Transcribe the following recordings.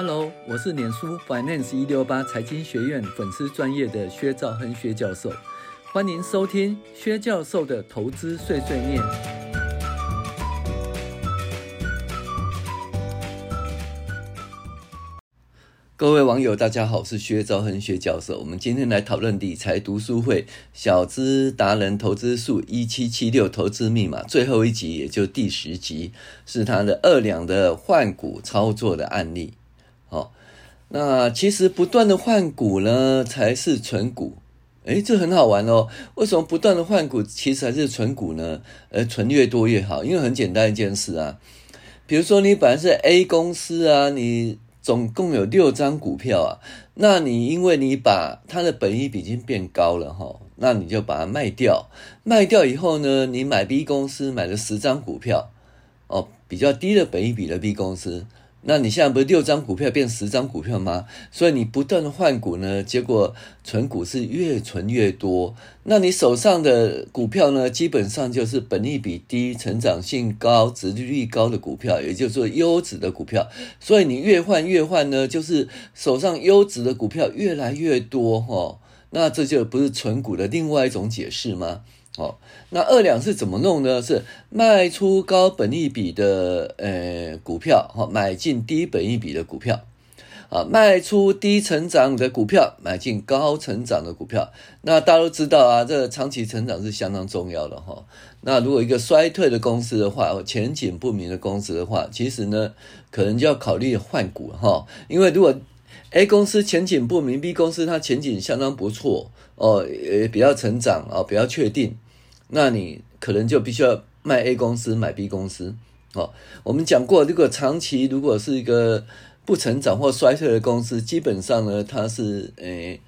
Hello，我是臉書 Finance 一六八財經學院粉絲專頁的薛兆亨薛教授，歡迎收聽薛教授的投資碎碎念。各位網友，大家好，我是薛兆亨薛教授。我們今天來討論理財讀書會小資達人投資術一七七六投資密碼最後一集，也就第十集，是他的二兩的換股操作的案例。那其實不斷的換股呢，才是存股。誒，這很好玩哦。為什麼不斷的換股，其實還是存股呢？而存越多越好，因為很簡單一件事啊。比如說你本來是 A 公司啊，你總共有六張股票啊，那你因為你把它的本益比已經變高了哈、哦，那你就把它賣掉。賣掉以後呢，你買 B 公司買了十張股票，哦，比較低的本益比的 B 公司。那你現在不是六張股票變十張股票嗎？所以你不斷換股呢，結果存股是越存越多。那你手上的股票呢，基本上就是本益比低、成長性高、殖利率高的股票，也就是優質的股票。所以你越換越換呢，就是手上優質的股票越來越多哈、哦。那這就不是存股的另外一種解釋嗎？哦，那二兩是怎麼弄呢？是賣出高本益比的呃股票，哈，買進低本益比的股票，啊，賣出低成長的股票，買進高成長的股票。那大家都知道啊，這個長期成長是相當重要的哈。那如果一個衰退的公司的話，前景不明的公司的話，其實呢，可能就要考慮換股哈，因為如果 A 公司前景不明，B 公司它前景相當不錯哦，呃，也比較成長啊，比較確定。那你可能就必須要賣 A 公司買 B 公司，哦，我們講過，如果長期如果是一個不成長或衰退的公司，基本上呢，它是誒、欸，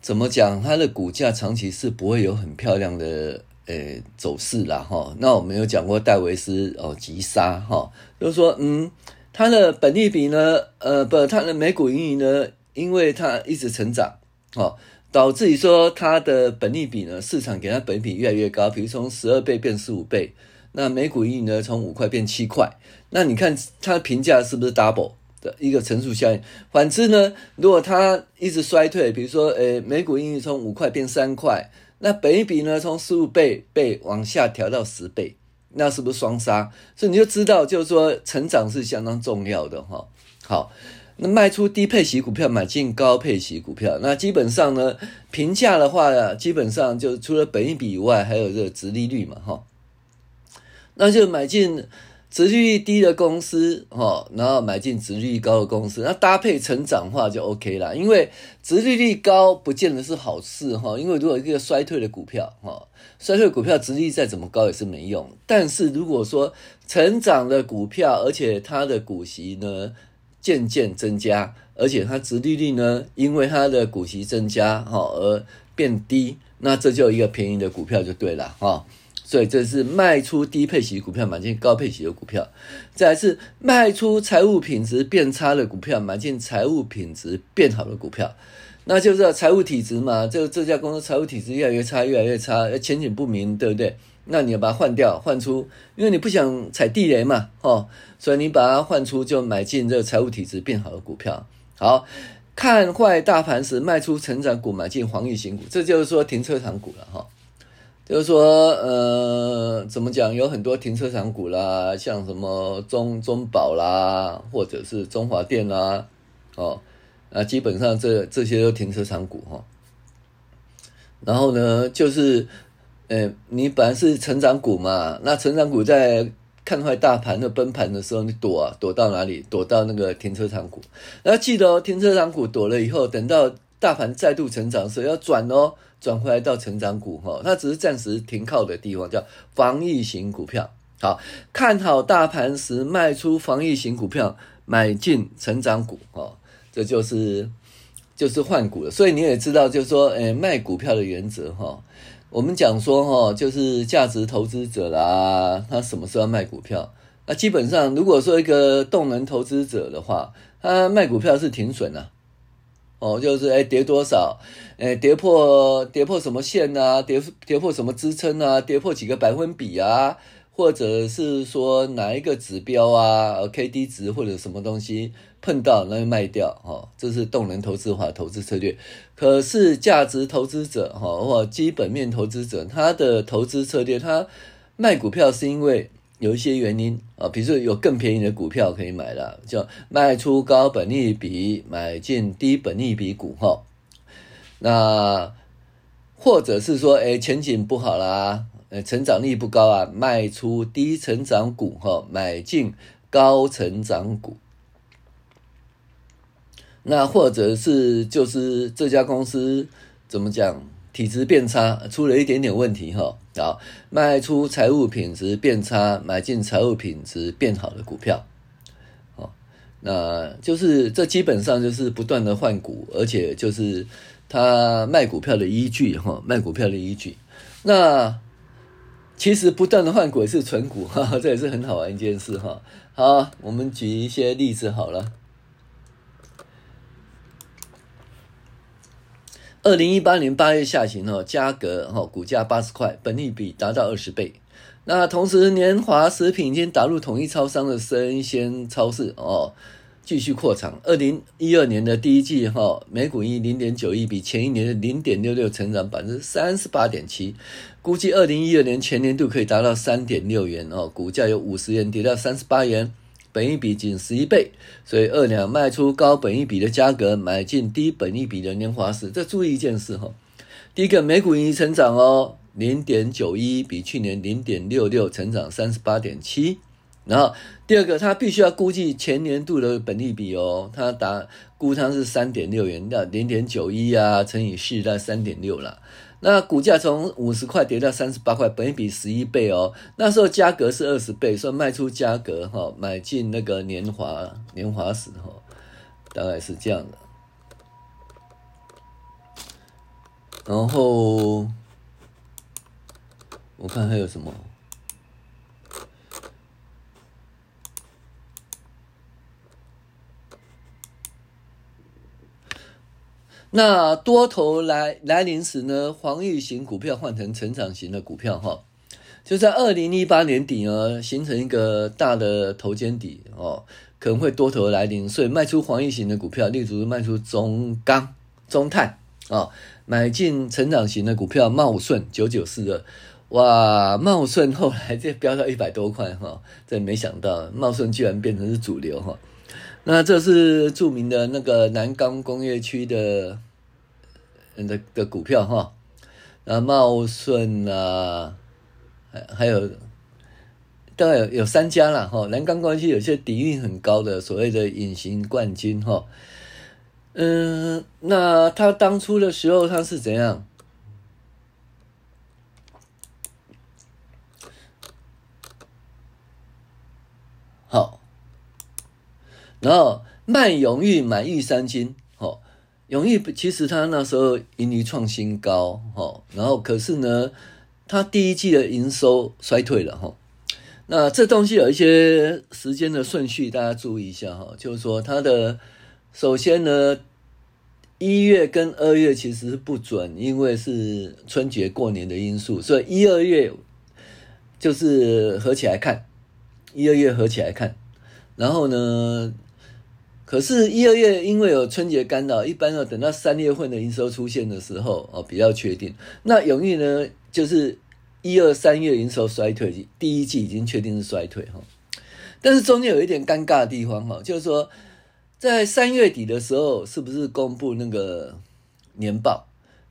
怎麼講？它的股價長期是不會有很漂亮的誒、欸、走勢了哈。那我們有講過戴維斯哦，急殺哈、哦，就是、說嗯，它的本益比呢，呃，不，它的每股盈餘呢，因為它一直成長，哦。導致於說，它的本益比呢，市場給它本益比越來越高，比如從十二倍變十五倍，那每股盈利呢從五塊變七塊，那你看它的評價是不是 double 的一個乘數效應？反之呢，如果它一直衰退，比如說，誒、欸、每股盈利從五塊變三塊，那本益比呢從十五倍被往下調到十倍，那是不是雙殺？所以你就知道，就是說，成長是相當重要的哈。好。那賣出低配息股票，買進高配息股票。那基本上呢，評價的話呢，基本上就除了本益比以外，還有這個殖利率嘛，哈。那就買進殖利率低的公司，哈，然後買進殖利率高的公司，那搭配成長的話就 OK 了。因為殖利率高不見得是好事，哈，因為如果一個衰退的股票，哈，衰退股票殖利率再怎麼高也是沒用。但是如果說成長的股票，而且它的股息呢，漸漸增加，而且它殖利率呢，因為它的股息增加哈、哦、而變低，那這就一個便宜的股票就對了哈、哦，所以這是賣出低配息股票，買進高配息的股票。再來是賣出財務品質變差的股票，買進財務品質變好的股票，那就是財務體質嘛，就這家公司財務體質越來越差，越來越差，前景不明，對不對？那你要把它換掉，換出，因為你不想踩地雷嘛，哦，所以你把它換出，就買進這個財務體質變好的股票。好，看壞大盤時，賣出成長股，買進防禦型股，這就是說停車場股了，哈，就是說，呃，怎麼講？有很多停車場股啦，像什麼中中保啦，或者是中華電啦，哦，那、啊、基本上這這些都停車場股，哈。然後呢，就是。呃、欸，你本來是成長股嘛，那成長股在看壞大盤的崩盤的時候，你躲、啊，躲到哪裡？躲到那個停車場股。那記得哦，停車場股躲了以後，等到大盤再度成長時，要轉哦，轉回來到成長股哈。它、哦、只是暫時停靠的地方，叫防禦型股票。好，看好大盤時，賣出防禦型股票，買進成長股哦，這就是。就是換股了，所以你也知道，就是說，誒、欸、賣股票的原則哈、哦，我們講說哈、哦，就是價值投資者啦，他什麼時候賣股票？那、啊、基本上，如果說一個動能投資者的話，他賣股票是停損吶，哦，就是誒、欸、跌多少？誒、欸、跌破跌破什麼線啊？跌跌破什麼支撐啊？跌破幾個百分比啊？或者是說哪一個指標啊，K D 值，或者什麼東西碰到那就賣掉哦，這是動能投資法投資策略。可是價值投資者哈，或者基本面投資者，他的投資策略，他賣股票是因為有一些原因啊，比如說有更便宜的股票可以買了，叫賣出高本益比買進低本益比股哈。那或者是說，哎，前景不好啦。成長力不高啊，賣出低成長股，哈，買進高成長股。那或者是就是這家公司怎麼講，體質變差，出了一點點問題，哈，好，賣出財務品質變差，買進財務品質變好的股票，哦，那就是這基本上就是不斷的換股，而且就是他賣股票的依據，哈，賣股票的依據，那。其實不斷的換股也是存股，哈，這也是很好玩一件事，哈。好，我們舉一些例子好了。二零一八年八月下旬，哦，價格哈股價八十塊，本益比達到二十倍。那同時，年華食品已經打入統一超商的生鮮超市哦。繼續擴長，二零一二年的第一季哈，每股盈零點九一，比前一年的零點六六成長百分之三十八點七，估計二零一二年全年度可以達到三點六元哦，股價由五十元跌到三十八元，本益比僅十一倍，所以二兩賣出高本益比的價格買進低本益比的年華詩。再注意一件事哈，第一個每股盈益成長哦，零點九一比去年零點六六成長三十八點七。然後第二個，他必須要估計全年度的本益比哦，他打估他是三點六元，那零點九一啊乘以四，那三點六啦。那股價從五十塊跌到三十八塊，本益比十一倍哦。那時候價格是二十倍，所以賣出價格哈，買進那個年華年華時候，大概是這樣的。然後我看還有什麼？那多頭來來臨時呢，防禦型股票換成成長型的股票哈，就在二零一八年底呢，形成一個大的頭肩底哦，可能會多頭來臨，所以賣出防禦型的股票，例如賣出中鋼、中碳啊，買進成長型的股票，茂順九九四二。哇，茂順後來這飆到一百多塊哈，這沒想到茂順居然變成是主流哈。那這是著名的那個南崗工業區的的的,的股票哈。那茂順啊，還還有大概有有三家啦哈。南崗工業區有些底蘊很高的所謂的隱形冠軍哈。嗯，那他當初的時候他是怎樣？然後賣永裕，買裕三金，哈、哦，永裕其實它那時候盈利創新高，哈、哦，然後可是呢，它第一季的營收衰退了，哈、哦，那這東西有一些時間的順序，大家注意一下，哈、哦，就是說它的首先呢，一月跟二月其實是不準，因為是春節過年的因素，所以一、二月就是合起來看，一、二月合起來看，然後呢。可是，一、二月因為有春節干擾，一般要等到三月份的營收出現的時候哦，比較確定。那永裕呢，就是一、二、三月營收衰退，第一季已經確定是衰退哈、哦。但是中間有一點尷尬的地方哈、哦，就是說，在三月底的時候，是不是公布那個年報？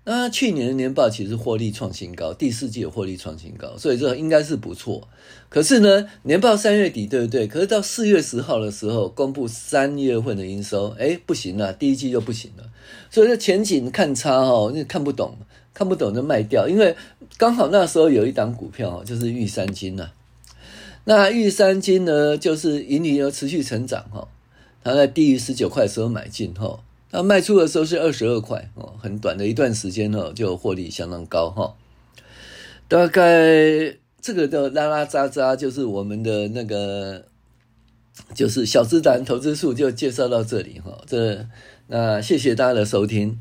那去年的年報其實獲利創新高，第四季有獲利創新高，所以這應該是不錯。可是呢，年報三月底，對不對？可是到四月十號的時候，公布三月份的營收，誒，不行了，第一季就不行了。所以這前景看差哈，那看不懂，看不懂就賣掉。因為剛好那時候有一檔股票就是玉山金吶，那玉山金呢，就是盈利有持續成長哈，它在低於十九塊的時候買進哈。那賣出的時候是二十二塊哦，很短的一段時間呢，就獲利相當高哈。大概這個的拉拉渣渣，就是我們的那個，就是小資男投資術就介紹到這裡哈。這那謝謝大家的收聽。